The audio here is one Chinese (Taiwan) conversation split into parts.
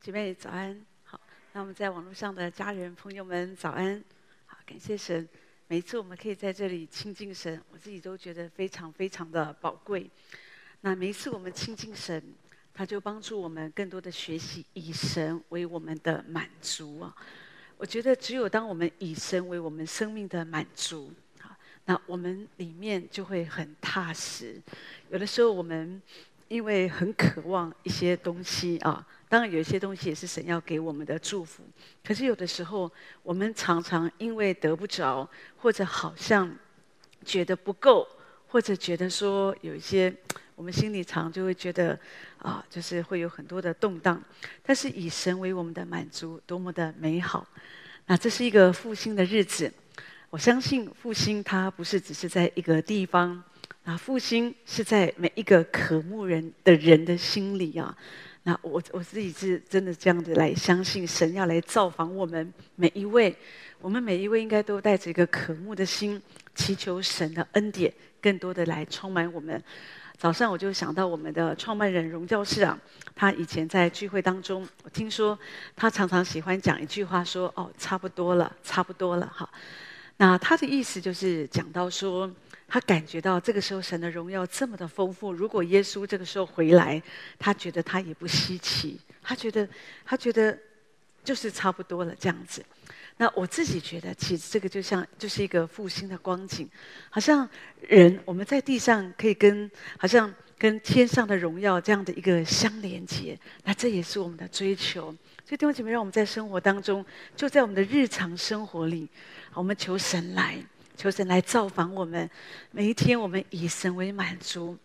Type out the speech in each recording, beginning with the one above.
姐妹早安，好。那我們在網絡上的家人朋友們早安，好。感謝神，每一次我們可以在這裡親近神，我自己都覺得非常非常的寶貴。那每一次我們親近神，他就幫助我們更多的學習以神為我們的滿足啊。我覺得只有當我們以神為我們生命的滿足，好，那我們裡面就會很踏實。有的時候我們。因為很渴望一些東西啊，當然有一些東西也是神要給我們的祝福。可是有的時候，我們常常因為得不着，或者好像覺得不夠，或者覺得說有一些，我們心裡常常就會覺得啊，就是會有很多的動盪。但是以神為我們的滿足，多麼的美好！那這是一個復興的日子，我相信復興它不是只是在一個地方。啊，復興是在每一個渴慕人的人的心裡啊。那我我自己是真的這樣子來相信神要來造訪我們每一位，我們每一位應該都帶着一個渴慕的心，祈求神的恩典，更多的來充滿我們。早上我就想到我們的創辦人榮教士啊，他以前在聚會當中，我聽說他常常喜歡講一句話，說：“哦，差不多了，差不多了。”哈。那他的意思就是講到說。他感覺到這個時候神的榮耀這麼的豐富，如果耶穌這個時候回來，他覺得他也不稀奇，他覺得他覺得就是差不多了這樣子。那我自己覺得，其實這個就像就是一個復興的光景，好像人我們在地上可以跟好像跟天上的榮耀這樣的一個相連接，那這也是我們的追求。所以弟兄姐妹，讓我們在生活當中，就在我們的日常生活裡，我們求神來。求神來造訪我們，每一天我們以神為滿足，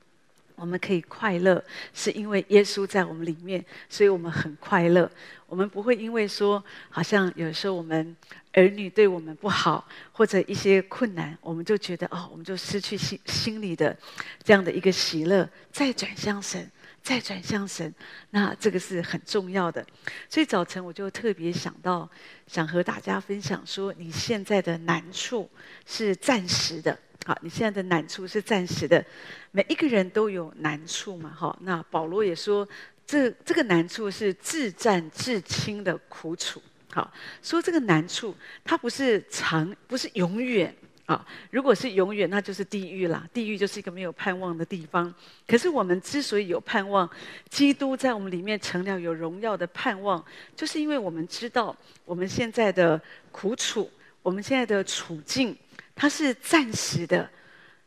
我們可以快樂，是因為耶穌在我們裡面，所以我們很快樂。我們不會因為說，好像有時候我們兒女對我們不好，或者一些困難，我們就覺得哦，我們就失去心心裡的這樣的一個喜樂，再轉向神。再轉向神，那這個是很重要的。所以早晨我就特別想到，想和大家分享說，你現在的難處是暫時的。好，你現在的難處是暫時的。每一個人都有難處嘛，哈。那保羅也說，這這個難處是至暫至輕的苦楚。好，說這個難處，它不是長，不是永遠。啊，如果是永遠，那就是地獄了。地獄就是一個沒有盼望的地方。可是我們之所以有盼望，基督在我們裡面成了有榮耀的盼望，就是因為我們知道我們現在的苦楚，我們現在的處境，它是暫時的，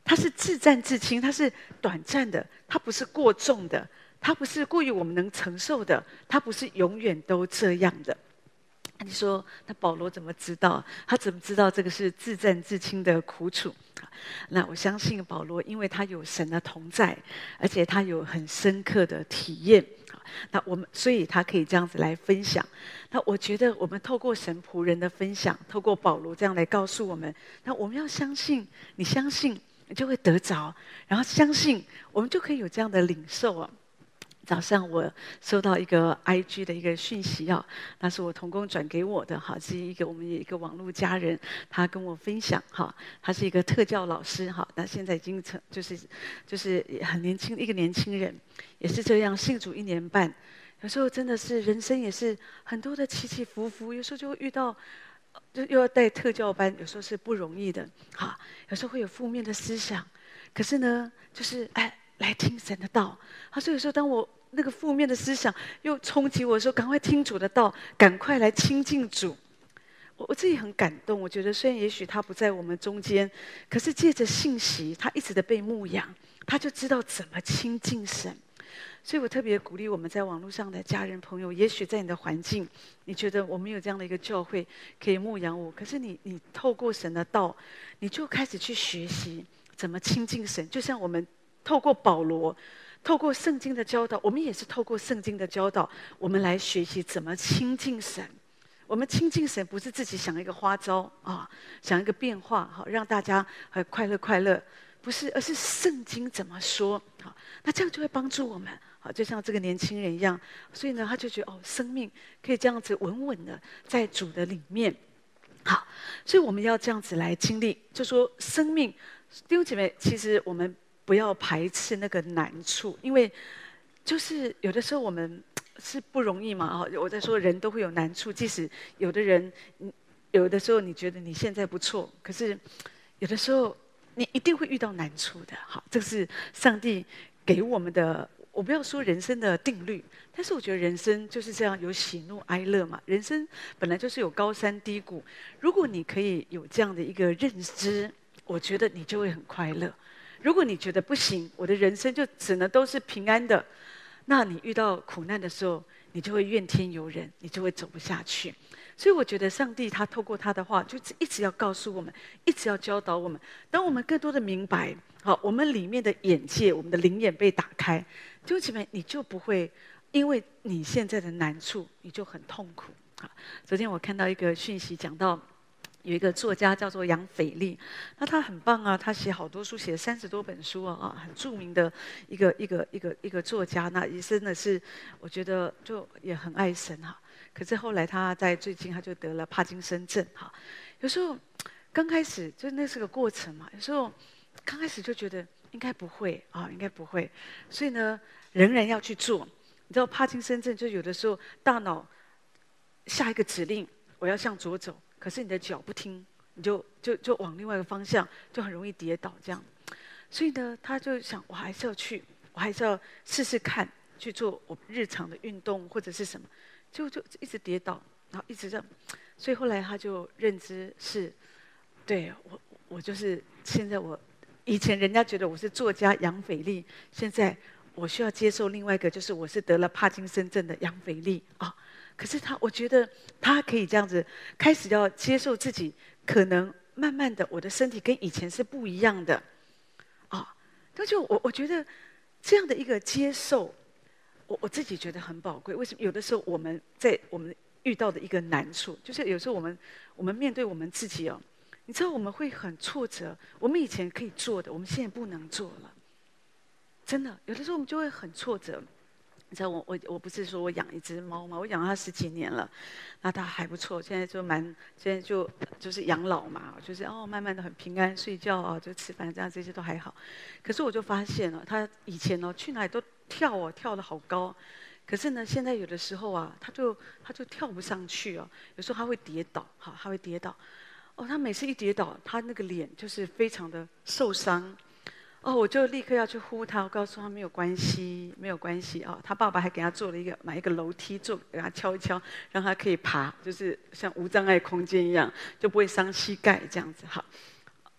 它是自戰自清，它是短暫的，它不是過重的，它不是過於我們能承受的，它不是永遠都這樣的。那你說，那保羅怎麼知道？他怎麼知道這個是至暫至輕的苦楚？那我相信保羅，因為他有神的同在，而且他有很深刻的體驗。那我們，所以他可以這樣子來分享。那我覺得，我們透過神僕人的分享，透過保羅這樣來告訴我們，那我們要相信，你相信你就會得着，然後相信，我們就可以有這樣的領受啊。早上我收到一個 IG 的一個訊息啊，那是我同工轉給我的哈，是一個我們一個網絡家人，他跟我分享哈，他是一個特教老師哈，那現在已經成就是就是很年輕一個年輕人，也是這樣信主一年半，有時候真的是人生也是很多的起起伏伏，有時候就會遇到，就又要帶特教班，有時候是不容易的哈，有時候會有負面的思想，可是呢，就是哎來聽神的道，所以有時候當我。那個負面的思想又衝擊我，說：“趕快聽主的道，趕快來親近主。我”我我自己很感動，我覺得雖然也許他不在我們中間，可是借着信息，他一直的被牧養，他就知道怎麼親近神。所以我特別鼓勵我們在網絡上的家人朋友，也許在你的環境，你覺得我們有這樣的一個教會可以牧養我，可是你你透過神的道，你就開始去學習怎麼親近神。就像我們透過保羅。透過聖經的教導，我們也是透過聖經的教導，我們來學習怎麼親近神。我們親近神不是自己想一個花招啊，想一個變化，好讓大家呃快樂快樂，不是，而是聖經怎麼說？好，那這樣就會幫助我們。好，就像這個年輕人一樣，所以呢，他就覺得哦，生命可以這樣子穩穩的在主的裡面。好，所以我們要這樣子來經歷，就說生命。弟兄姐妹，其實我們。不要排斥那個難處，因為就是有的時候我們是不容易嘛。哦，我在說人都會有難處，即使有的人，有的時候你覺得你現在不錯，可是有的時候你一定會遇到難處的。好，這是上帝給我們的。我不要說人生的定律，但是我覺得人生就是這樣，有喜怒哀樂嘛。人生本來就是有高山低谷。如果你可以有這樣的一個認知，我覺得你就會很快樂。如果你覺得不行，我的人生就只能都是平安的，那你遇到苦難的時候，你就會怨天尤人，你就會走不下去。所以我覺得上帝他，他透過他的話，就一直要告訴我們，一直要教導我們。當我們更多的明白，好，我們裡面的眼界，我們的靈眼被打開，最起碼你，你就不會因為你現在的難處，你就很痛苦。好，昨天我看到一個訊息講到。有一個作家叫做楊腓力，那他很棒啊，他寫好多書，寫了三十多本書啊，啊，很著名的一個一個一個一個作家。那醫生呢是，我覺得就也很愛神哈、啊。可是後來他在最近他就得了帕金森症哈。有時候剛開始就那是個過程嘛，有時候剛開始就覺得應該不會啊、哦，應該不會，所以呢仍然要去做。你知道帕金森症就有的時候大腦下一個指令，我要向左走。可是你的腳不聽，你就就就往另外一個方向，就很容易跌倒這樣。所以呢，他就想，我還是要去，我還是要試試看去做我日常的運動或者是什麼，就就一直跌倒，然後一直這樣。所以後來他就認知是，對，我我就是現在我，以前人家覺得我是作家楊斐麗，現在我需要接受另外一個，就是我是得了帕金森症的楊斐麗啊。哦可是他，我覺得他可以這樣子開始要接受自己，可能慢慢的，我的身體跟以前是不一樣的，啊、哦，他就我我覺得這樣的一個接受，我我自己覺得很寶貴。為什麼？有的時候我們在我們遇到的一個難處，就是有時候我們我們面對我們自己哦，你知道我們會很挫折。我們以前可以做的，我們現在不能做了，真的，有的時候我們就會很挫折。你知道我我我不是說我養一隻貓嗎？我養了它十幾年了，那它還不錯，現在就蠻現在就就是養老嘛，就是哦慢慢的很平安睡覺啊，哦，就吃飯這樣這些都還好。可是我就發現了，哦，它以前哦去哪裡都跳哦跳得好高，可是呢現在有的時候啊，它就它就跳不上去哦，有時候它會跌倒哈，它會跌倒。哦，它每次一跌倒，它那個臉就是非常的受傷。哦，我就立刻要去呼，呼他，我告訴他沒有關係，沒有關係哦。他爸爸還給他做了一個買一個樓梯，做給他敲一敲，讓他可以爬，就是像無障礙空間一樣，就不會傷膝蓋這樣子哈。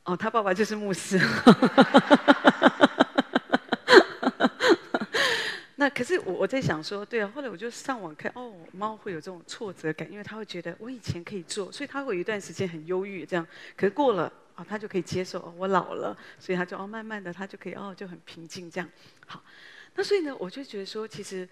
哦，他爸爸就是牧師。 那可是我我在想說，對啊，後來我就上網看，哦，貓會有這種挫折感，因為它會覺得我以前可以做，所以它會有一段時間很憂鬱這樣。可是過了。啊、哦，他就可以接受，哦、我老了，所以他就，哦、慢慢的他就可以哦，就很平靜這樣。好，那所以呢，我就覺得說，其實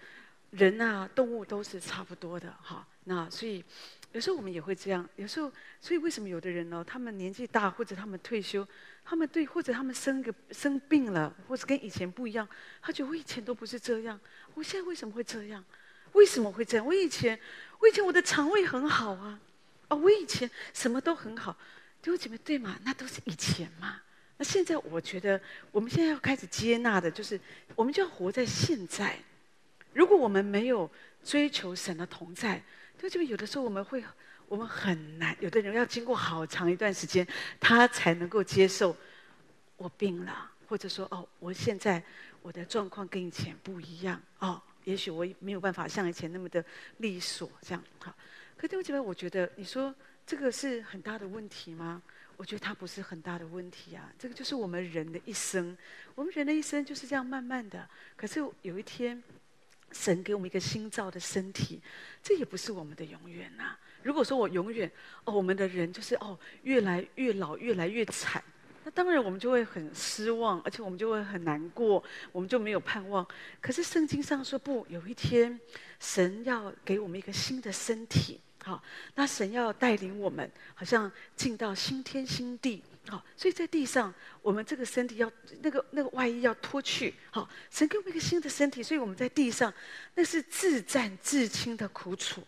人啊，動物都是差不多的哈。那所以有時候我們也會這樣，有時候，所以為什麼有的人呢，哦，他們年紀大或者他們退休，他們對，或者他們生個生病了，或者跟以前不一樣，他覺得我以前都不是這樣，我現在為什麼會這樣？為什麼會這樣？我以前我以前我的腸胃很好啊，啊、哦，我以前什麼都很好。弟兄姐妹，對嗎？那都是以前嘛。那現在，我覺得我們現在要開始接納的，就是我們就要活在現在。如果我們沒有追求神的同在，弟兄姐妹，有的時候我們會，我們很難。有的人要經過好長一段時間，他才能夠接受我病了，或者說哦，我現在我的狀況跟以前不一樣哦。也許我沒有辦法像以前那麼的利索這樣。哈，可弟兄姐妹，我覺得你說。這個是很大的問題嗎？我覺得它不是很大的問題啊。這個就是我們人的一生，我們人的一生就是這樣慢慢的。可是有一天，神給我們一個新造的身體，這也不是我們的永遠吶啊。如果說我永遠哦，我們的人就是哦越來越老，越來越慘，那當然我們就會很失望，而且我們就會很難過，我們就沒有盼望。可是聖經上說不，有一天神要給我們一個新的身體。好，那神要帶領我們，好像進到新天新地。好，所以在地上，我們這個身體要那個那個外衣要脫去。好，神給我們一個新的身體，所以我們在地上，那是至暫至輕的苦楚。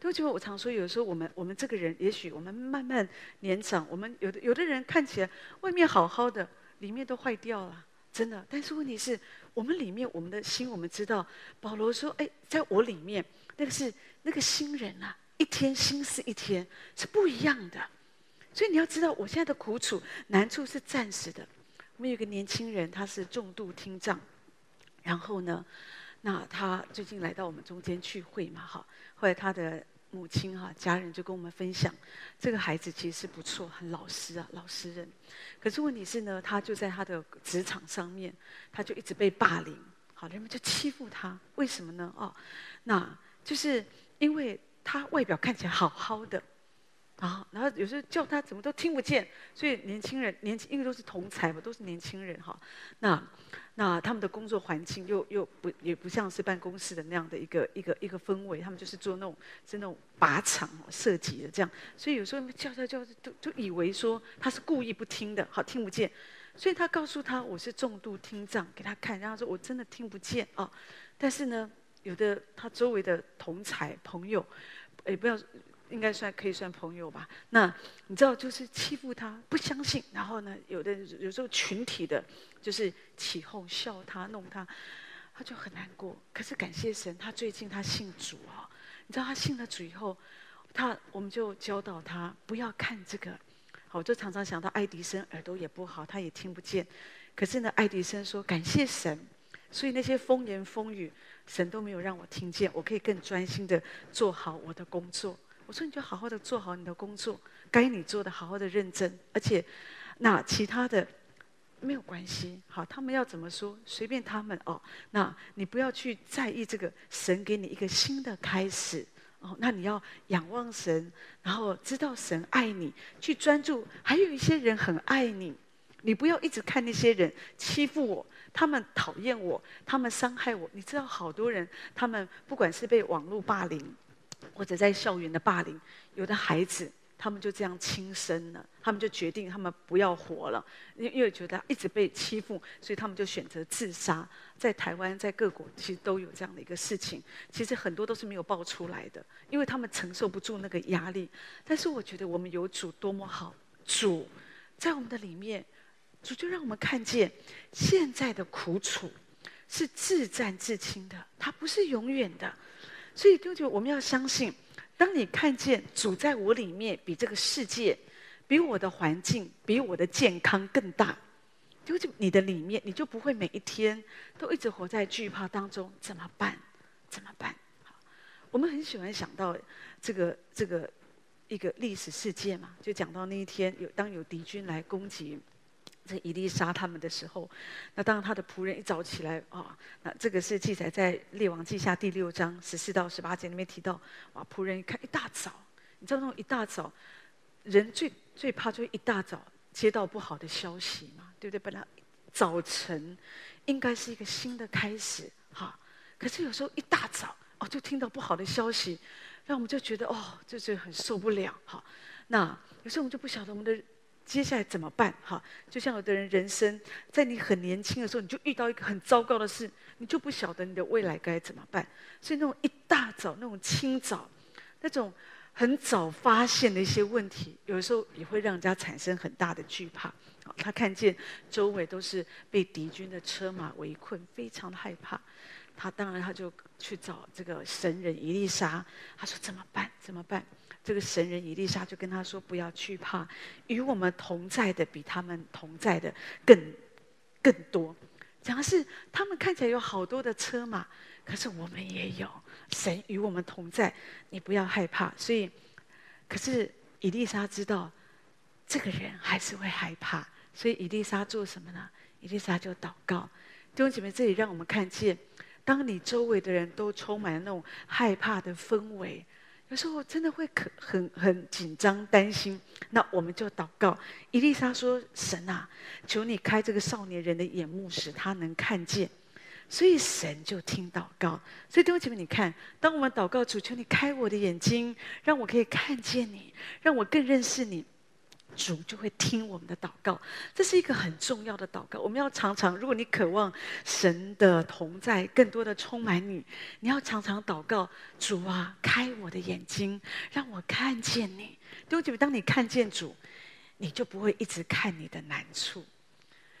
結果我常說，有時候我們我們這個人，也許我們慢慢年長，我們有的有的人看起來外面好好的，裡面都壞掉了，真的。但是問題是，我們裡面我們的心，我們知道，保羅說：“哎，在我裡面，那個是那個新人啊。”一天新似一天，是不一樣的。所以你要知道，我現在的苦楚、難處是暫時的。我們有個年輕人，他是重度聽障，然後呢，那他最近來到我們中間聚會嘛，哈。後來他的母親哈、啊，家人就跟我們分享，這個孩子其實是不錯，很老實啊，老實人。可是問題是呢，他就在他的職場上面，他就一直被霸凌，好，人們就欺負他。為什麼呢？哦，那就是因為。他外表看起來好好的，啊，然後有時候叫他怎麼都聽不見，所以年輕人年輕，因為都是同儕嘛，都是年輕人哈，那那他們的工作環境又又不也不像是辦公室的那樣的一個一個一個氛圍，他們就是做那種是那種靶場設計的這樣，所以有時候叫叫叫就就以為說他是故意不聽的，好聽不見，所以他告訴他，我是重度聽障，給他看，然後他說，我真的聽不見啊，但是呢。有的他周圍的同儕朋友，也不要應該算可以算朋友吧？那你知道就是欺負他，不相信，然後呢，有的有時候群體的，就是起鬨笑他弄他，他就很難過。可是感謝神，他最近他信主啊、哦，你知道他信了主以後，他我們就教導他不要看這個，好，我就常常想到愛迪生耳朵也不好，他也聽不見，可是呢，愛迪生說感謝神，所以那些風言風語，神都沒有讓我聽見，我可以更專心的做好我的工作。我說你就好好的做好你的工作，該你做的好好的認真，而且那其他的沒有關係。好，他們要怎麼說，隨便他們哦。那你不要去在意這個，神給你一個新的開始哦。那你要仰望神，然後知道神愛你，去專注。還有一些人很愛你。你不要一直看那些人欺負我，他們討厭我，他們傷害我。你知道，好多人他們不管是被網絡霸凌，或者在校園的霸凌，有的孩子他們就這樣輕生了，他們就決定他們不要活了，因因為覺得他一直被欺負，所以他們就選擇自殺。在台灣，在各國其實都有這樣的一個事情，其實很多都是沒有爆出來的，因為他們承受不住那個壓力。但是我覺得我們有主多麼好，主在我們的裡面。主就讓我們看見現在的苦楚是至暫至輕的，它不是永遠的。所以，弟兄我們要相信，當你看見主在我裡面，比這個世界、比我的環境、比我的健康更大，就就你的裡面，你就不會每一天都一直活在懼怕當中。怎麼辦？怎麼辦？我們很喜歡想到這個這個一個歷史事件嘛，就講到那一天有當有敵軍來攻擊。在以利沙他們的時候，那當他的僕人一早起來啊、哦，那這個是記載在《列王記下》第六章十四到十八節裡面提到。哇，僕人一看一大早，你知道那種一大早，人最最怕就是一大早接到不好的消息嘛，對不對？本來早晨應該是一個新的開始哈、哦，可是有時候一大早哦，就聽到不好的消息，讓我們就覺得哦，這就是很受不了哈、哦。那有時候我們就不曉得我們的。接下來怎麼辦？哈，就像有的人，人生在你很年輕的時候，你就遇到一個很糟糕的事，你就不曉得你的未來該怎麼辦。所以那種一大早，那種清早，那種很早發現的一些問題，有的時候也會讓人家產生很大的懼怕。他看見周圍都是被敵軍的車馬圍困，非常的害怕。他當然他就去找這個神人以利沙，他說，怎麼辦？怎麼辦？這個神人以利沙就跟他說：“不要懼怕，與我們同在的比他們同在的更更多。講的是他們看起來有好多的車馬，可是我們也有。神與我們同在，你不要害怕。所以，可是以利沙知道這個人還是會害怕，所以以利沙做什麼呢？以利沙就禱告。弟兄姐妹，這裡讓我們看見，當你周圍的人都充滿了那種害怕的氛圍。”有時候我真的會可很很緊張擔心，那我們就禱告。以利沙說：“神啊，求你開這個少年人的眼目，使他能看見。”所以神就聽禱告。所以弟兄姐妹，你看，當我們禱告主，求你開我的眼睛，讓我可以看見你，讓我更認識你。主就會聽我們的禱告，這是一個很重要的禱告。我們要常常，如果你渴望神的同在，更多的充滿你，你要常常禱告，主啊，開我的眼睛，讓我看見你。對不對？當你看見主，你就不會一直看你的難處。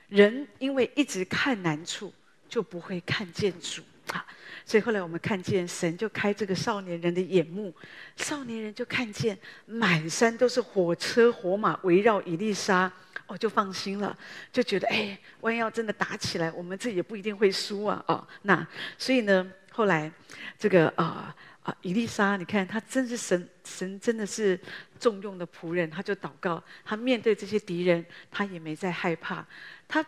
人因為一直看難處，就不會看見主。啊，所以後來我們看見神就開這個少年人的眼目，少年人就看見滿山都是火車火馬圍繞以利沙，哦，就放心了，就覺得哎，萬一要真的打起來，我們這也不一定會輸啊，哦，那所以呢，後來這個啊啊、呃、以利沙你看他真是神，神真的是重用的僕人，他就禱告，他面對這些敵人，他也沒再害怕，他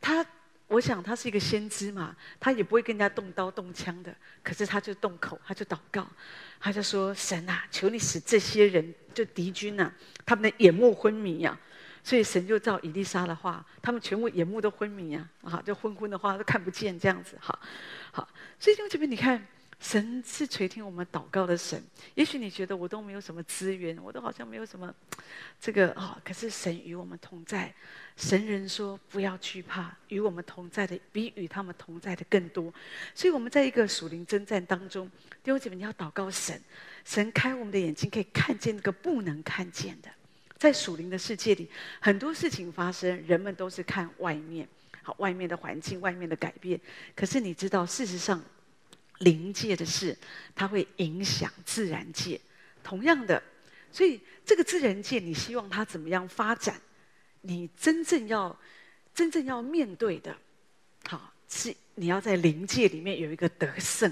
他。她我想他是一個先知嘛，他也不會跟人家動刀動槍的，可是他就動口，他就禱告，他就說：“神啊，求你使這些人，就敵軍吶、啊，他們的眼目昏迷呀、啊。”所以神就照以利沙的話，他們全部眼目都昏迷呀、啊，啊，就昏昏的話都看不見這樣子，好，好，所以因為這邊你看。神是垂聽我們禱告的神。也許你覺得我都沒有什麼資源，我都好像沒有什麼這個、哦、可是神與我們同在，神人說不要懼怕，與我們同在的比與他們同在的更多。所以我們在一個屬靈征戰當中，弟兄姐妹你要禱告神，神開我們的眼睛，可以看見那個不能看見的。在屬靈的世界裡，很多事情發生，人們都是看外面，好，外面的環境、外面的改變。可是你知道，事實上。靈界的事，它會影響自然界。同樣的，所以這個自然界，你希望它怎麼樣發展？你真正要、真正要面對的，好，是你要在靈界裡面有一個得勝。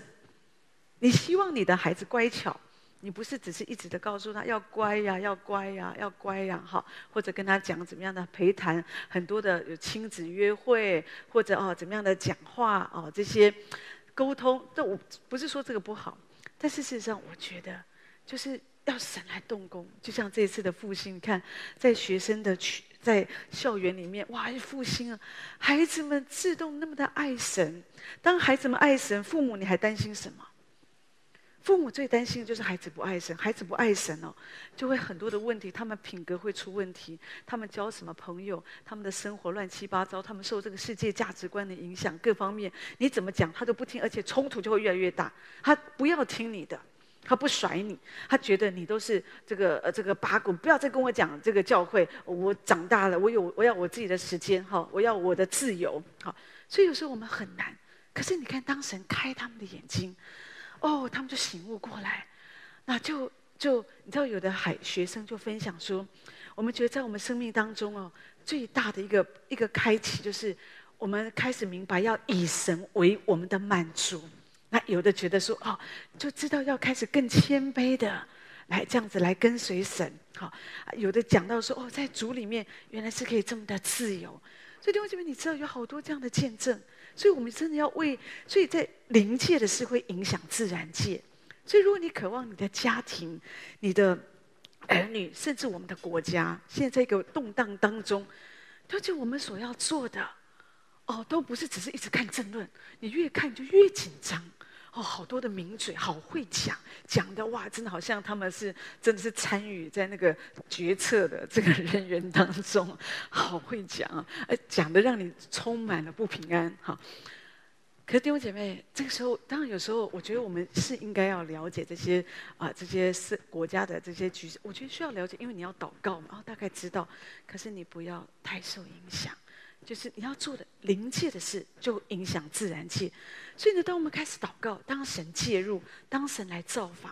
你希望你的孩子乖巧，你不是只是一直的告訴他要乖呀、啊、要乖呀、啊、要乖呀、啊，好，或者跟他講怎麼樣的陪談，很多的有親子約會，或者哦，怎麼樣的講話，哦，這些。溝通，但我不是說這個不好，但是事實上，我覺得就是要神來動工，就像這一次的復興，你看在學生的區，在校園裡面，哇，復興啊！孩子們自動那麼的愛神，當孩子們愛神，父母你還擔心什麼？父母最擔心的就是孩子不愛神，孩子不愛神哦，就會很多的問題，他們品格會出問題，他們交什麼朋友，他們的生活亂七八糟，他們受這個世界價值觀的影響，各方面你怎麼講他都不聽，而且衝突就會越來越大。他不要聽你的，他不甩你，他覺得你都是這個呃這個八股，不要再跟我講這個教會。我長大了，我有我要我自己的時間哈，我要我的自由哈。所以有時候我們很難，可是你看，當神開他們的眼睛。哦，他們就醒悟過來，那就就你知道，有的海學生就分享說，我們覺得在我們生命當中哦，最大的一個一個開啟，就是我們開始明白要以神為我們的滿足。那有的覺得說哦，就知道要開始更謙卑的來這樣子來跟隨神。哈、哦，有的講到說哦，在主裡面原來是可以這麼的自由。所以弟兄姐妹，你知道有好多這樣的見證。所以，我們真的要為，所以在靈界的事會影響自然界。所以，如果你渴望你的家庭、你的兒女，甚至我們的國家，現在這個動盪當中，究竟我們所要做的，哦，都不是只是一直看爭論，你越看你就越緊張。哦，好多的名嘴，好會講，講的哇，真的好像他們是真的是參與在那個決策的這個人員當中，好會講，啊，講的讓你充滿了不平安哈、哦。可是弟兄姐妹，這個時候當然有時候，我覺得我們是應該要了解這些啊，這些是國家的這些局勢，我覺得需要了解，因為你要禱告嘛，然、哦、後大概知道，可是你不要太受影響。就是你要做的靈界的事，就影響自然界。所以呢，當我們開始禱告，當神介入，當神來造訪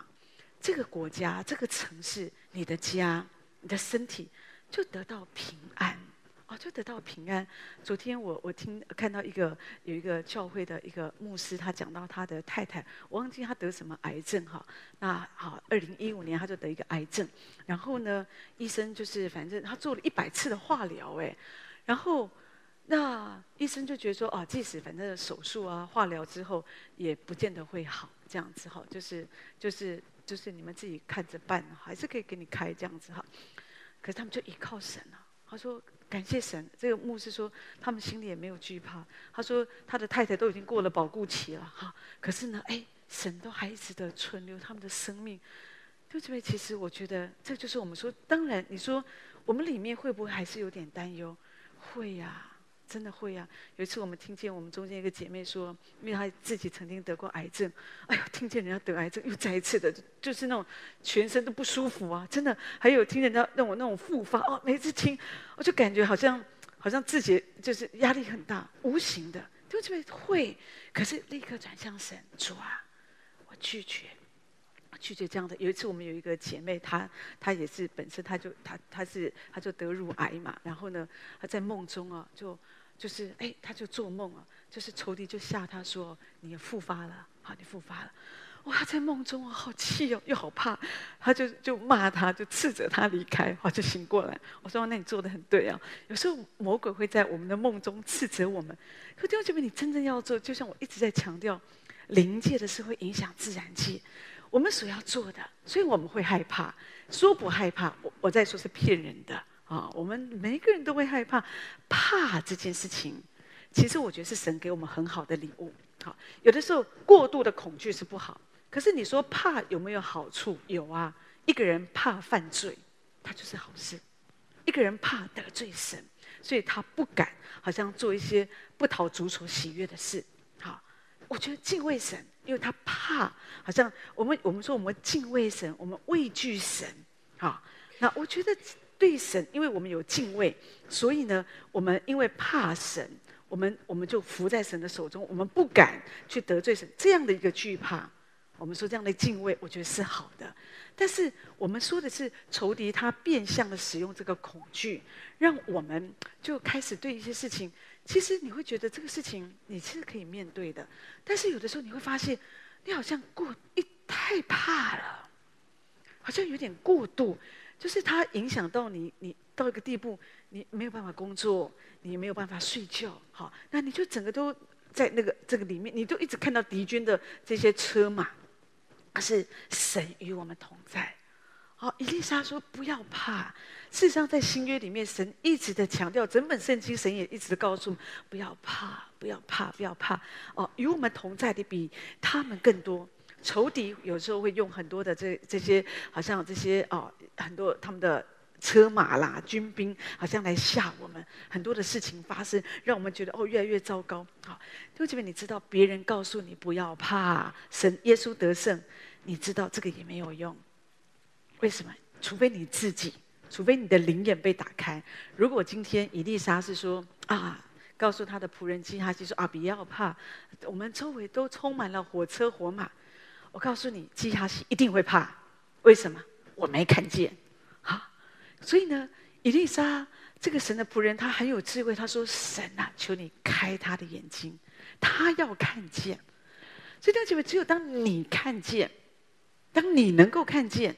這個國家、這個城市、你的家、你的身體，就得到平安哦，就得到平安。昨天我我聽看到一個有一個教會的一個牧師，他講到他的太太，我忘記他得什麼癌症哈、哦。那好，二零一五年他就得一個癌症，然後呢，醫生就是反正他做了一百次的化療哎，然後。那醫生就覺得說，啊，即使反正手術啊、化療之後，也不見得會好，這樣子哈，就是就是就是你們自己看着辦，還是可以給你開這樣子哈。可是他們就依靠神啊，他說感謝神，這個牧師說他們心裡也沒有懼怕，他說他的太太都已經過了保固期了哈，可是呢，哎，神都還一直的存留他們的生命。就這邊，其實我覺得這就是我們說，當然你說我們裡面會不會還是有點擔憂？會呀、啊。真的會啊，有一次我們聽見我們中間一個姐妹說，因為她自己曾經得過癌症，哎呦，聽見人家得癌症又再一次的，就是那種全身都不舒服啊，真的。還有聽見人家那種那種復發哦，每次聽我就感覺好像好像自己就是壓力很大，無形的，對不對？會，可是立刻轉向神。主啊，我拒絕，我拒絕這樣的。有一次我們有一個姐妹，她她也是本身她就她她是她就得乳癌嘛，然後呢，她在夢中啊就。就是，哎，他就做夢啊，就是仇敵就嚇他說，你復發了，好，你復發了，哇，他在夢中，我好氣哦，又好怕，他就就罵他，就斥責他離開，好，就醒過來。我說，那你做得很對啊，有時候魔鬼會在我們的夢中斥責我們。可是我覺得你真正要做，就像我一直在強調，靈界的事會影響自然界，我們所要做的，所以我們會害怕，說不害怕，我我再說，是騙人的。啊、哦，我們每一個人都會害怕，怕這件事情。其實我覺得是神給我們很好的禮物。好、哦，有的時候過度的恐懼是不好。可是你說怕有沒有好處？有啊，一個人怕犯罪，他就是好事；一個人怕得罪神，所以他不敢，好像做一些不討主所喜悅的事。好、哦，我覺得敬畏神，因為他怕，好像我們我們說我們敬畏神，我們畏懼神。好、哦，那我覺得。對神，因為我們有敬畏，所以呢，我們因為怕神，我們我們就伏在神的手中，我們不敢去得罪神。這樣的一個懼怕，我們說這樣的敬畏，我覺得是好的。但是我們說的是仇敵，他變相的使用這個恐懼，讓我們就開始對一些事情，其實你會覺得這個事情你是可以面對的，但是有的時候你會發現，你好像過太怕了，好像有點過度。就是它影響到你，你到一個地步，你沒有辦法工作，你沒有辦法睡覺，好，那你就整個都在那個這個裡面，你就一直看到敵軍的這些車馬。可是神與我們同在，好、哦，以利沙說不要怕。事實上，在新約裡面，神一直在強調，整本聖經神也一直告訴：不要怕，不要怕，不要怕。哦，與我們同在的比他們更多。仇敵有時候會用很多的這這些，好像這些哦，很多他們的車馬啦、軍兵，好像來嚇我們。很多的事情發生，讓我們覺得哦，越來越糟糕。好、哦，因為這邊你知道，別人告訴你不要怕，神、耶穌得勝，你知道這個也沒有用。為什麼？除非你自己，除非你的靈眼被打開。如果今天以利沙是說啊，告訴他的僕人基哈西說啊，不要怕，我們周圍都充滿了火車、火馬。我告訴你，基哈西一定會怕，為什麼？我沒看見，哈、啊。所以呢，以利沙這個神的僕人，他很有智慧。他說：“神吶、啊，求你開他的眼睛，他要看見。”所以，弟兄姐妹只有當你看見，當你能夠看見，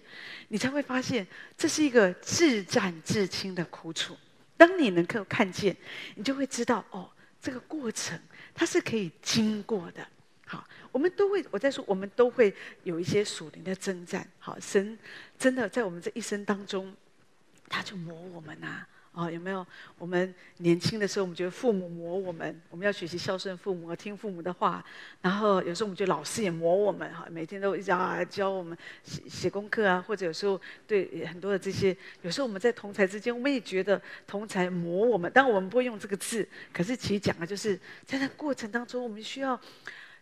你才會發現這是一個至暫至輕的苦楚。當你能夠看見，你就會知道，哦，這個過程它是可以經過的。好，我們都會，我在說，我們都會有一些屬靈的征戰。好，神真的在我們這一生當中，他就磨我們啊、哦！有沒有？我們年輕的時候，我們覺得父母磨我們，我們要學習孝順父母，聽父母的話。然後有時候我們覺得老師也磨我們，哈，每天都啊教我們寫寫功課啊，或者有時候對很多的這些，有時候我們在同儕之間，我們也覺得同儕磨我們。但我們不會用這個字，可是其實講的就是在那過程當中，我們需要。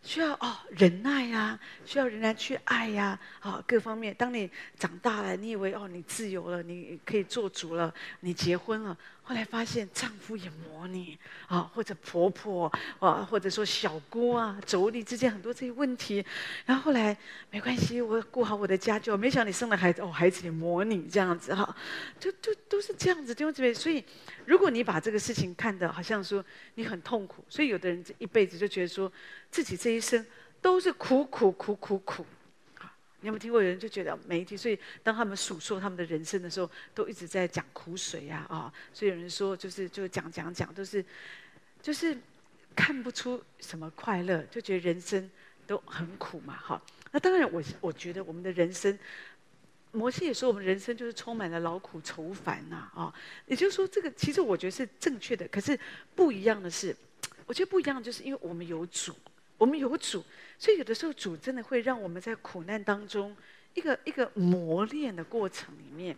需要哦，忍耐呀、啊，需要仍然去愛呀、啊，啊、哦，各方面。當你長大了，你以為哦，你自由了，你可以做主了，你結婚了。後來發現丈夫也磨你，啊，或者婆婆啊，或者說小姑啊，妯娌之間很多這些問題。然後後來沒關係，我顧好我的家就沒想你生了孩子，哦，孩子也磨你這樣子哈、啊，就就都是這樣子。就這邊，所以如果你把這個事情看得好像說你很痛苦，所以有的人這一輩子就覺得說自己這一生都是苦苦苦苦苦、苦。你有沒有聽過？有人就覺得每一天，所以當他們訴說他們的人生的時候，都一直在講苦水呀，啊、哦，所以有人說就是就講講講，都是就是看不出什麼快樂，就覺得人生都很苦嘛，哈。那當然，我我覺得我們的人生，摩西也說我們人生就是充滿了勞苦愁煩吶，啊、哦，也就是說這個其實我覺得是正確的。可是不一樣的是，我覺得不一樣的就是因為我們有主。我們有主，所以有的時候主真的會讓我們在苦難當中，一個一個磨練的過程裡面，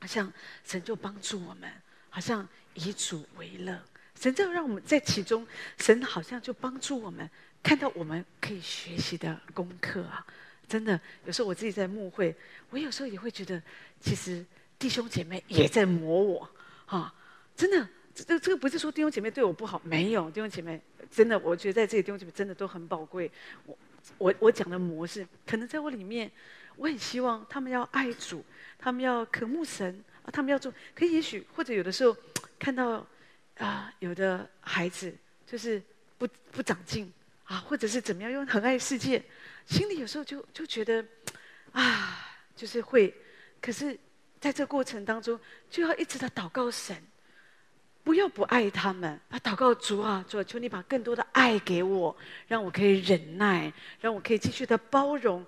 好像神就幫助我們，好像以主為樂，神就讓我們在其中，神好像就幫助我們看到我們可以學習的功課啊！真的，有時候我自己在牧會，我有時候也會覺得，其實弟兄姐妹也在磨我哈，真的。這這個不是說弟兄姐妹對我不好，沒有弟兄姐妹，真的，我覺得在這裡弟兄姐妹真的都很寶貴。我我我講的模式，可能在我裡面，我很希望他們要愛主，他們要渴慕神啊，他們要做。可以也許或者有的時候看到啊，有的孩子就是不不長進啊，或者是怎麼樣又很愛世界，心裡有時候就就覺得啊，就是會。可是在這個過程當中，就要一直在禱告神。不要不愛他們，把禱告主啊，主啊，求你把更多的愛給我，讓我可以忍耐，讓我可以繼續的包容。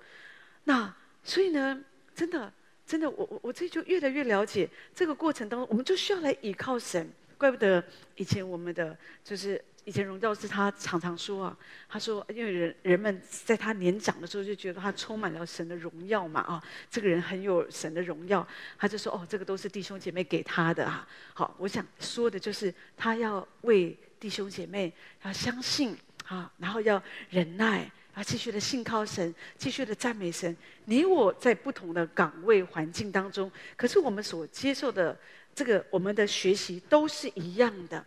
那所以呢，真的，真的，我我我這就越來越了解這個過程當中，我們就需要來倚靠神。怪不得以前我們的就是。以前榮教士他常常說啊，他說，因為人人們在他年長的時候就覺得他充滿了神的榮耀嘛啊，這個人很有神的榮耀，他就說哦，這個都是弟兄姐妹給他的啊。好，我想說的就是他要為弟兄姐妹要相信啊，然後要忍耐，啊，繼續的信靠神，繼續的讚美神。你我在不同的崗位環境當中，可是我們所接受的這個我們的學習都是一樣的。嗯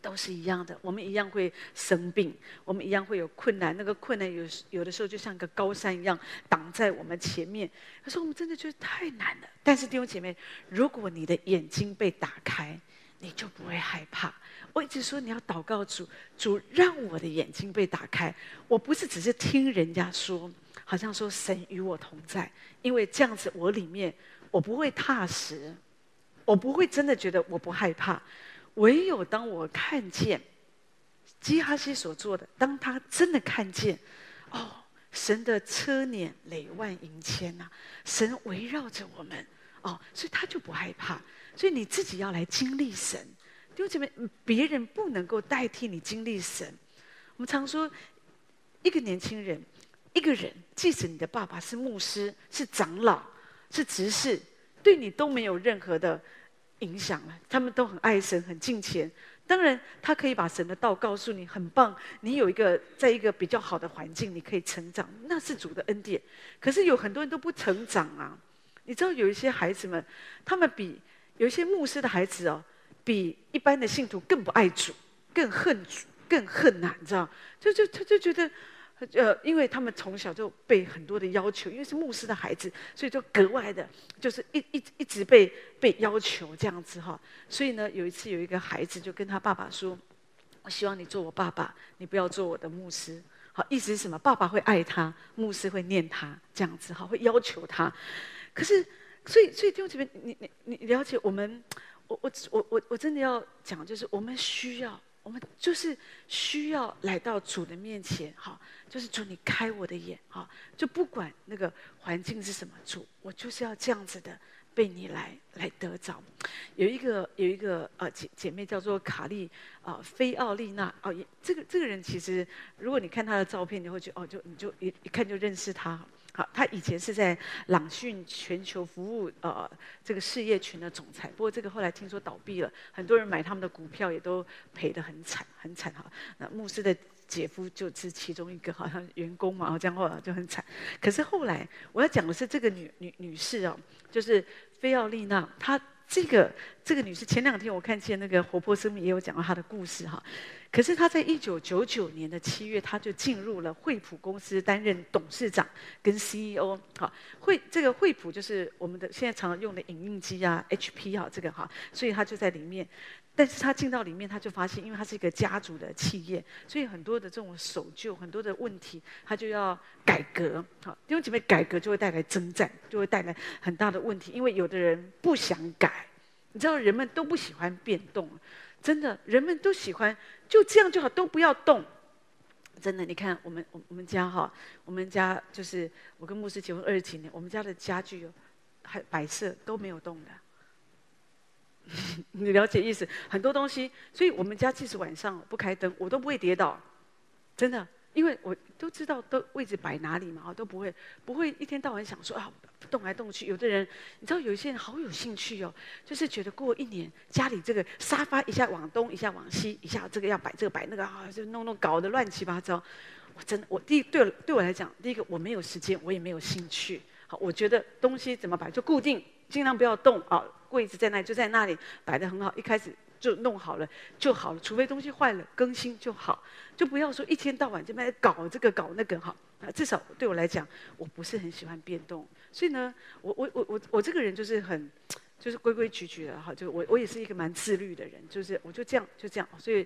都是一樣的，我們一樣會生病，我們一樣會有困難。那個困難有時有的時候就像個高山一樣擋在我們前面，可是我們真的覺得太難了。但是弟兄姐妹，如果你的眼睛被打開，你就不會害怕。我一直說你要禱告主，主讓我的眼睛被打開。我不是只是聽人家說，好像說神與我同在，因為這樣子我裡面我不會踏實，我不會真的覺得我不害怕。唯有當我看見基哈西所做的，當他真的看見哦，神的車輦累萬盈千吶、啊，神圍繞着我們哦，所以他就不害怕。所以你自己要來經歷神，就這邊別人不能夠代替你經歷神。我們常說，一個年輕人，一個人，即使你的爸爸是牧師，是長老，是執事，對你都沒有任何的。影響了，他們都很愛神，很敬虔。當然，他可以把神的道告訴你，很棒。你有一個在一個比較好的環境，你可以成長，那是主的恩典。可是有很多人都不成長啊！你知道有一些孩子們，他們比有一些牧師的孩子哦，比一般的信徒更不愛主，更恨主，更恨啊，你知道？就就他就覺得。呃，因為他們從小就被很多的要求，因為是牧師的孩子，所以就格外的，就是一一一直被被要求這樣子哈。所以呢，有一次有一個孩子就跟他爸爸說：“我希望你做我爸爸，你不要做我的牧師。”好，意思是什麼？爸爸會愛他，牧師會念他，這樣子哈，會要求他。可是，所以所以就這邊，你你你了解我們？我我我我我真的要講，就是我們需要。我們就是需要來到主的面前，哈，就是主，你開我的眼，哈，就不管那個環境是什麼，主，我就是要這樣子的被你來來得着。有一個有一個呃姐，姐妹叫做卡莉啊、呃，菲奧麗娜啊、哦，這個這個人其實，如果你看她的照片，你會覺得哦，就你就一一看就認識她。他以前是在朗訊全球服務呃這個事業群的總裁，不過這個後來聽說倒閉了，很多人買他們的股票也都賠得很慘，很慘哈。那牧師的姐夫就是其中一個，好像員工嘛，然後這樣的話就很慘。可是後來我要講的是這個女女女士哦，就是菲奧麗娜，她。這個這個女士，前兩天我看見那個《活潑生命》也有講到她的故事哈。可是她在一九九九年的七月，她就進入了惠普公司擔任董事長跟 CEO。哈，惠這個惠普就是我們的現在常用的影印機啊，HP 哈這個哈，所以她就在裡面。但是他進到裡面，他就發現，因為他是一個家族的企業，所以很多的這種守舊，很多的問題，他就要改革。好、哦，弟兄姐妹改革就會帶來爭戰，就會帶來很大的問題，因為有的人不想改。你知道，人們都不喜歡變動，真的，人們都喜歡就這樣就好，都不要動。真的，你看我們我們家哈、哦，我們家就是我跟牧師結婚二十幾年，我們家的家具還有擺設都沒有動的。 你了解意思？很多東西，所以我們家即使晚上不開燈，我都不會跌倒，真的，因為我都知道都位置擺哪裡嘛，我都不會，不會一天到晚想說啊，動來動去。有的人，你知道，有一些人好有興趣哦，就是覺得過一年家裡這個沙發一下往東，一下往西，一下這個要擺這個擺那個啊，就弄弄搞得亂七八糟。我真的，我第一對對我來講，第一個我沒有時間，我也沒有興趣。好，我覺得東西怎麼擺就固定，盡量不要動啊。櫃子在那裡，就在那裡擺得很好，一開始就弄好了，就好了。除非東西壞了，更新就好，就不要說一天到晚就在搞這個搞那個哈、啊。至少對我來講，我不是很喜歡變動。所以呢，我我我我我這個人就是很，就是規規矩矩的哈。就我我也是一個蠻自律的人，就是我就這樣就這樣。所以，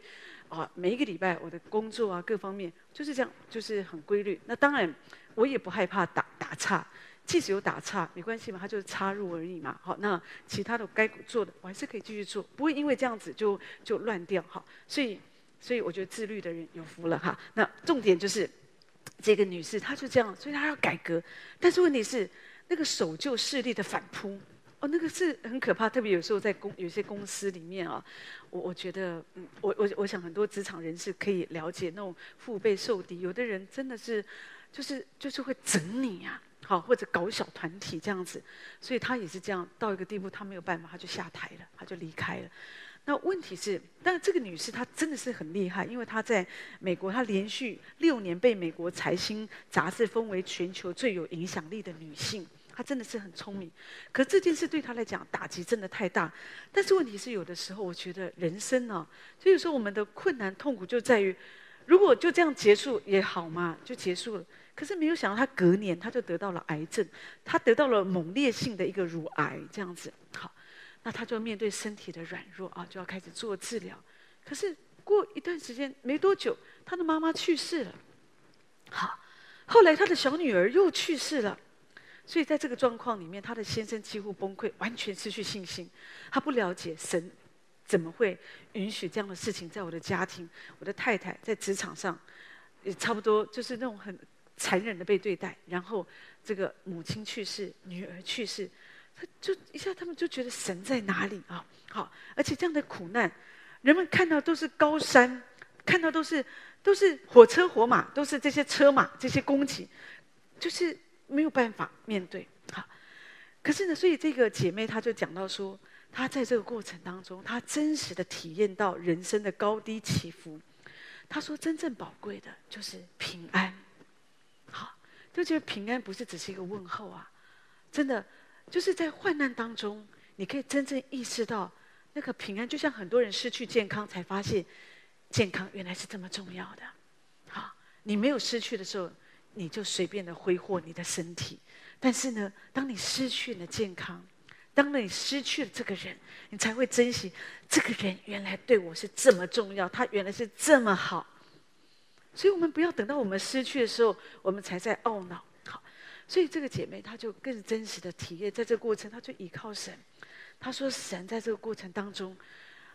啊，每一個禮拜我的工作啊各方面就是這樣，就是很規律。那當然，我也不害怕打打岔。即使有打岔，沒關係嘛，他就是插入而已嘛。好，那其他的該做的，我還是可以繼續做，不會因為這樣子就就亂掉。哈，所以所以我覺得自律的人有福了哈。那重點就是這個女士，她就這樣，所以她要改革。但是問題是，那個守舊勢力的反撲，哦，那個是很可怕。特別有時候在公有些公司裡面啊，我我覺得，嗯，我我我想很多職場人士可以了解那種腹背受敵，有的人真的是，就是就是會整你呀、啊。好，或者搞小團體這樣子，所以她也是這樣，到一個地步，她沒有辦法，她就下台了，她就離開了。那問題是，但是這個女士她真的是很厲害，因為她在美國，她連續六年被美國《財星》雜誌封為全球最有影響力的女性，她真的是很聰明。可這件事對她來講打擊真的太大。但是問題是，有的時候我覺得人生呢、啊，所以說我們的困難痛苦就在於，如果就這樣結束也好嘛，就結束了。可是沒有想到，他隔年他就得到了癌症，他得到了猛烈性的一個乳癌這樣子。好，那他就面對身體的軟弱啊，就要開始做治療。可是過一段時間沒多久，他的媽媽去世了。好，後來他的小女兒又去世了。所以在這個狀況裡面，他的先生幾乎崩潰，完全失去信心。他不了解神怎麼會允許這樣的事情在我的家庭、我的太太在職場上，也差不多就是那種很。殘忍的被對待，然後這個母親去世，女兒去世，他就一下，他們就覺得神在哪裡啊？好，而且這樣的苦難，人們看到都是高山，看到都是都是火車火馬，都是這些車馬這些攻擊，就是沒有辦法面對。好，可是呢，所以這個姐妹她就講到說，她在這個過程當中，她真實的體驗到人生的高低起伏。她說，真正寶貴的就是平安。就覺得平安不是只是一個問候啊，真的就是在患難當中，你可以真正意識到那個平安。就像很多人失去健康，才發現健康原來是這麼重要的。好，你沒有失去的時候，你就隨便的揮霍你的身體。但是呢，當你失去了健康，當你失去了這個人，你才會珍惜這個人。原來對我是這麼重要，他原來是這麼好。所以我們不要等到我們失去的時候，我們才在懊惱。好，所以這個姐妹她就更真實的體驗，在這個過程她就依靠神。她說神在這個過程當中，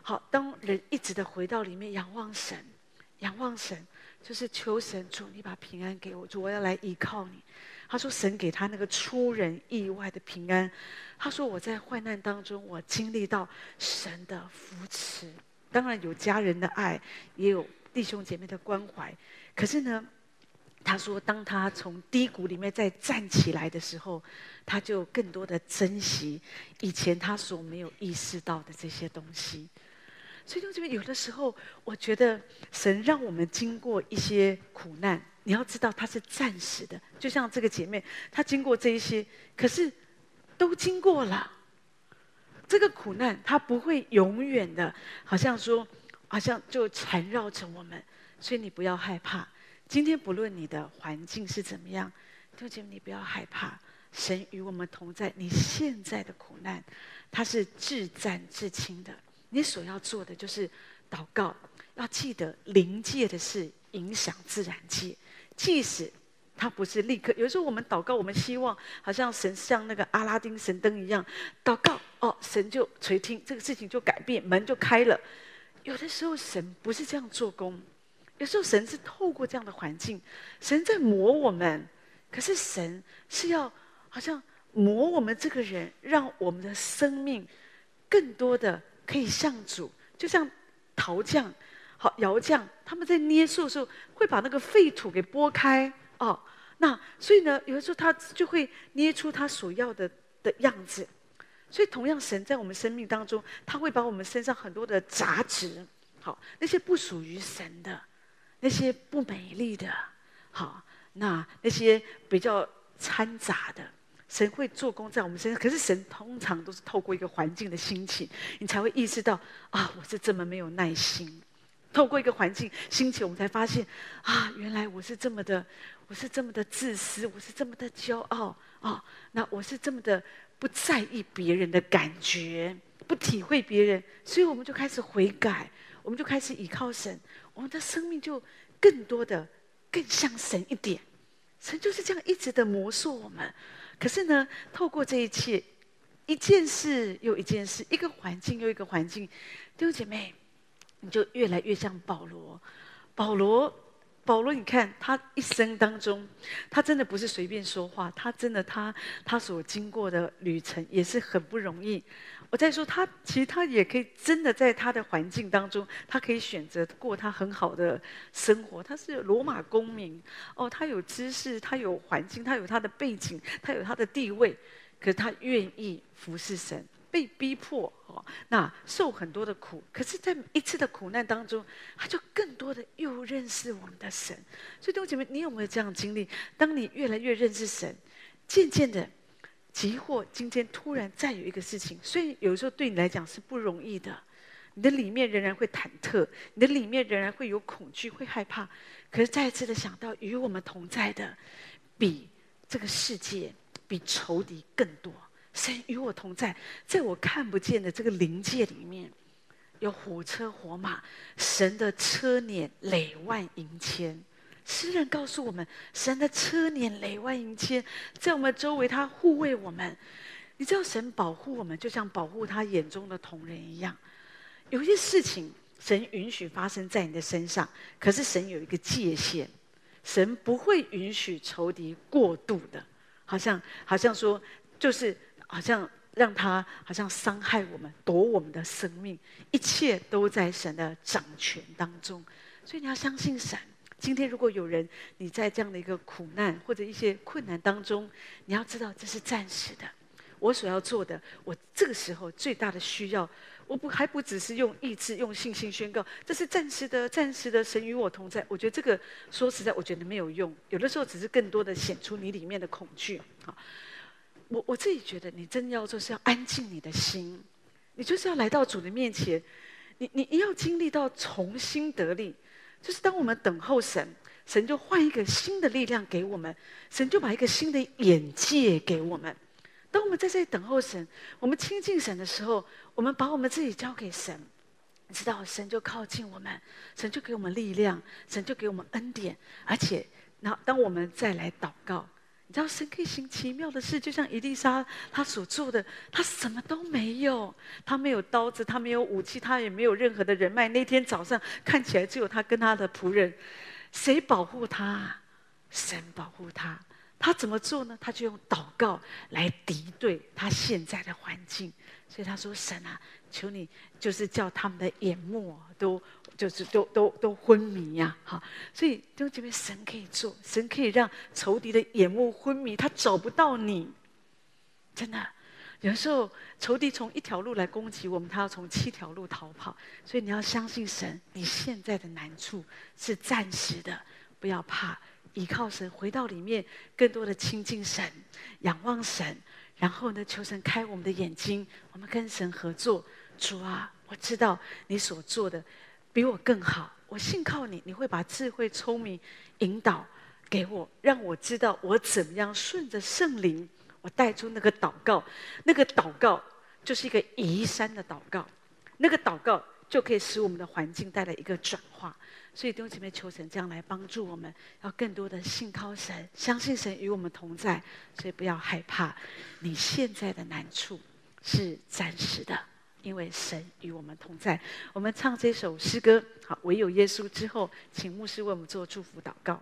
好，當人一直的回到裡面仰望神，仰望神就是求神主，你把平安給我，主我要來依靠你。她說神給她那個出人意外的平安。她說我在患難當中，我經歷到神的扶持，當然有家人的愛，也有。弟兄姐妹的關懷，可是呢，他說，當他從低谷裡面再站起來的時候，他就更多的珍惜以前他所沒有意識到的這些東西。所以，同學們有的時候，我覺得神讓我們經過一些苦難，你要知道它是暫時的。就像這個姐妹，她經過這一些，可是都經過了，這個苦難，她不會永遠的，好像說。好像就纏繞着我們，所以你不要害怕。今天不論你的環境是怎麼樣，弟兄姐妹，你不要害怕，神與我們同在。你現在的苦難，它是至暫至輕的。你所要做的就是禱告。要記得，靈界的事影響自然界，即使它不是立刻。有時候我們禱告，我們希望好像神像那個阿拉丁神燈一樣，禱告哦，神就垂聽，這個事情就改變，門就開了。有的時候神不是這樣做工，有時候神是透過這樣的環境，神在磨我們。可是神是要好像磨我們這個人，讓我們的生命更多的可以向主，就像陶匠、好窯匠，他們在捏塑的時候會把那個廢土給剝開哦。那所以呢，有的時候他就會捏出他所要的的樣子。所以，同樣，神在我們生命當中，他會把我們身上很多的雜質，好，那些不屬於神的，那些不美麗的，好，那那些比較摻雜的，神會做工在我們身上。可是，神通常都是透過一個環境的心情，你才會意識到啊，我是這麼沒有耐心。透過一個環境心情，我們才發現啊，原來我是這麼的，我是這麼的自私，我是這麼的驕傲啊、哦，那我是這麼的。不在意別人的感覺，不體會別人，所以我們就開始悔改，我們就開始倚靠神，我們的生命就更多的更像神一點。神就是這樣一直的磨塑我們。可是呢，透過這一切，一件事又一件事，一個環境又一個環境，弟兄姐妹，你就越來越像保羅。保羅。保羅，你看他一生當中，他真的不是隨便說話，他真的他、他他所經過的旅程也是很不容易。我再說，他其實他也可以真的在他的環境當中，他可以選擇過他很好的生活。他是羅馬公民，哦，他有知識，他有環境，他有他的背景，他有他的地位，可是他願意服侍神。被逼迫哦，那受很多的苦，可是，在一次的苦難當中，他就更多的又認識我們的神。所以，弟兄姐妹，你有沒有這樣的經歷？當你越來越認識神，漸漸的急，即或今天突然再有一個事情，所以有時候對你來講是不容易的，你的裡面仍然會忐忑，你的裡面仍然會有恐懼，會害怕。可是，再一次的想到與我們同在的，比這個世界比仇敵更多。神與我同在，在我看不見的這個靈界裡面，有火車火馬，神的車輦累萬盈千。詩人告訴我們，神的車輦累萬盈千，在我們周圍，他護衛我們。你知道，神保護我們，就像保護他眼中的瞳人一樣。有一些事情，神允許發生在你的身上，可是神有一個界限，神不會允許仇敵過度的。好像，好像說，就是。好像讓他好像傷害我們，奪我們的生命，一切都在神的掌權當中。所以你要相信神。今天如果有人你在這樣的一個苦難或者一些困難當中，你要知道這是暫時的。我所要做的，我這個時候最大的需要，我不還不只是用意志用信心宣告，這是暫時的，暫時的，神與我同在。我覺得這個說實在，我覺得沒有用。有的時候只是更多的顯出你裡面的恐懼。好。我我自己覺得，你真要做是要安靜你的心，你就是要來到主的面前。你你要經歷到重新得力，就是當我們等候神，神就換一個新的力量給我們，神就把一個新的眼界給我們。當我們在這裡等候神，我們親近神的時候，我們把我們自己交給神，你知道神就靠近我們，神就給我們力量，神就給我們恩典，而且，那當我們再來禱告。你知道神可以行奇妙的事，就像以利沙他所做的，他什麼都沒有，他沒有刀子，他沒有武器，他也沒有任何的人脈。那天早上看起來只有他跟他的僕人，誰保護他？神保護他。他怎麼做呢？他就用禱告來敵對他現在的環境。所以他說：“神啊，求你就是叫他們的眼目都就是都都都昏迷呀、啊！哈，所以就這邊神可以做，神可以讓仇敵的眼目昏迷，他找不到你。真的，有的時候仇敵從一條路來攻擊我們，他要從七條路逃跑。所以你要相信神，你現在的難處是暫時的，不要怕，依靠神，回到裡面，更多的親近神，仰望神。”然後呢，求神開我們的眼睛，我們跟神合作。主啊，我知道你所做的比我更好，我信靠你，你會把智慧、聰明引導給我，讓我知道我怎麼樣順着聖靈，我帶出那個禱告。那個禱告就是一個移山的禱告，那個禱告就可以使我們的環境帶來一個轉化。所以，弟兄姊妹，求神這樣來幫助我們，要更多的信靠神，相信神與我們同在，所以不要害怕。你現在的難處是暫時的，因為神與我們同在。我們唱這首詩歌，好，唯有耶穌之後，請牧師為我們做祝福禱告。